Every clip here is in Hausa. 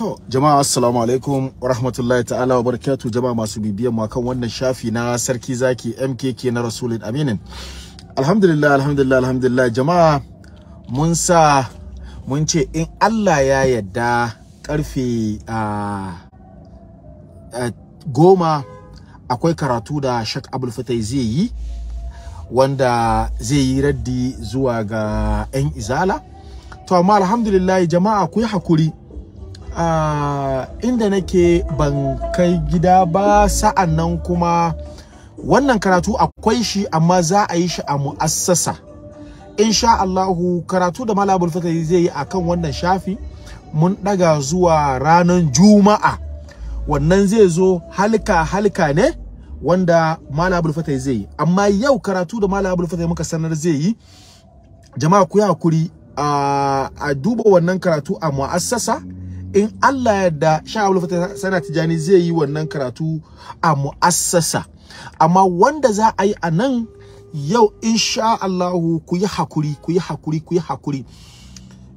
To, jama'a assalamu alaikum wa rahmatullahi ta'ala wa barakatu jama'a masu bibiyan mu kan wannan shafi na Sarki Zaki MKK na Rasulin Aminin. Alhamdulillah, alhamdulillah, alhamdulillah jama'a mun sa mun ce in Allah ya yarda karfe goma akwai karatu da Shak Abul Fatai zai yi wanda zai yi raddi zuwa ga 'yan izala. To amma alhamdulillah jama'a ku yi hakuri uh, inda nake ban kai gida ba sa'an nan kuma wannan karatu akwai shi amma za a yi shi a mu'assasa insha Allahu karatu da Malam Abdul zai yi akan wannan shafi mun daga zuwa ranar Juma'a wannan zai zo halka halka ne wanda Malam Abdul zai yi amma yau karatu da Malam Abdul muka sanar zai yi jama'a ku yi hakuri a duba wannan karatu a mu'assasa in Allah ya yarda sha Abdul sana tijani zai yi wannan karatu a mu'assasa amma wanda za a yi a nan yau insha Allah ku yi hakuri ku yi hakuri ku yi hakuri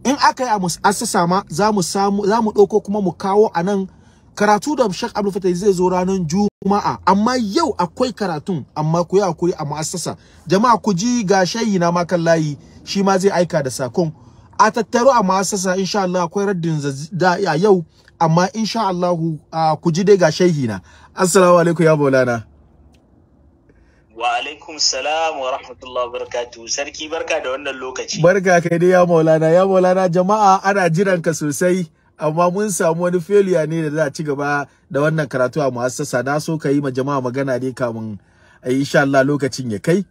in aka yi a mu'assasa ma za mu samu za mu ɗauko kuma mu kawo a nan karatu da Sheikh Abdul Fatah zai zo ranar Juma'a amma yau akwai karatun amma ku yi hakuri a mu'assasa jama'a ku ji ga shayi na makan layi shi ma zai aika da sakon a tattaro a masasa insha Allah akwai raddin da a yau amma insha Allah ku ji dai ga shehi na assalamu alaikum ya maulana wa alaikum salam wa rahmatullahi barakatuh sarki barka da wannan lokaci barka kai dai ya maulana ya maulana jama'a ana jiran ka sosai amma mun samu wani failure ne da za a ci gaba da wannan karatu a muassasa na so ka yi ma jama'a magana ne kamun insha Allah lokacin ya kai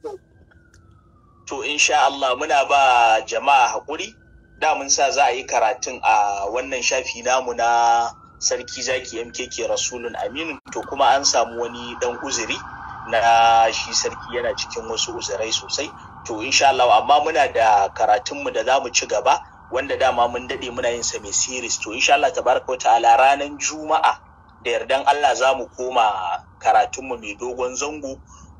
to insha Allah muna ba jama'a haƙuri. da mun sa za a yi karatun a wannan shafi namu na sarki zaki mkk rasulun aminu to kuma an samu wani dan uzuri na shi sarki yana cikin wasu uzurai sosai to insha Allah amma muna da karatunmu da za mu ci gaba wanda dama mun dade muna yin sa mai series to insha Allah tabaraka ala ta'ala ranar juma'a da yardan Allah za mu koma karatunmu mai dogon zango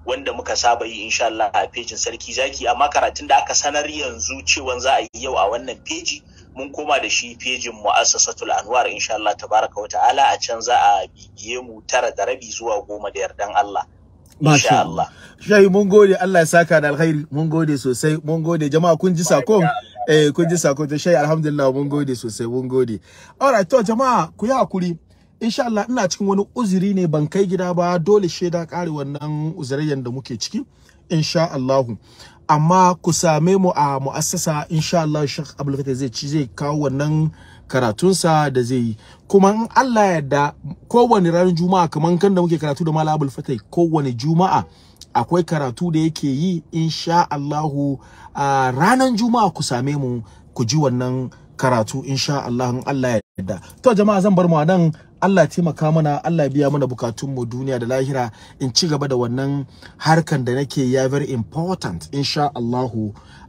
wanda muka saba yi insha Allah a fejin sarki zaki amma karatun da aka sanar yanzu cewa za a yi yau a wannan feji mun koma da shi fejin mu'assasatul anwar insha Allah tabaraka wa ta'ala a can za a bibiye mu tara da rabi zuwa goma da yardan Allah insha Allah. Shai mun gode Allah ya saka da alkhairi mun gode sosai mun gode jama'a kun ji sako eh kun ji sako to shai alhamdulillah mun gode sosai mun gode. Alright to jama'a ku yi hakuri insha Allah ina cikin wani uzuri ne ban kai gida ba dole shaida kare wannan uzuriyar da muke ciki insha Allah amma ku same mu a mu'assasa insha Allah Sheikh Abdul zai ci zai kawo wannan karatunsa da zai yi kuma in Allah ya yarda kowane ranar juma'a kaman kan da muke karatu da Malam Abdul Fatah kowane juma'a akwai karatu da yake yi insha Allahu ranar juma'a ku same mu ku ji wannan karatu insha Allah in Allah ya yadda to jama'a zan bar mu nan Allah taimaka mana Allah biya mana bukatun mu duniya da lahira in ci gaba da wannan harkan da nake ya very important insha Allah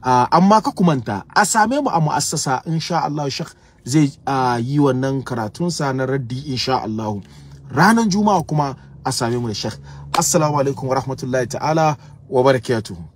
ah, amma ka kumanta a same mu a mu'assasa insha Allah shek zai ah, yi wannan karatun sa na raddi insha Allah ranan juma'a kuma a same mu da shek assalamu alaikum warahmatullahi ta'ala wa barakatuh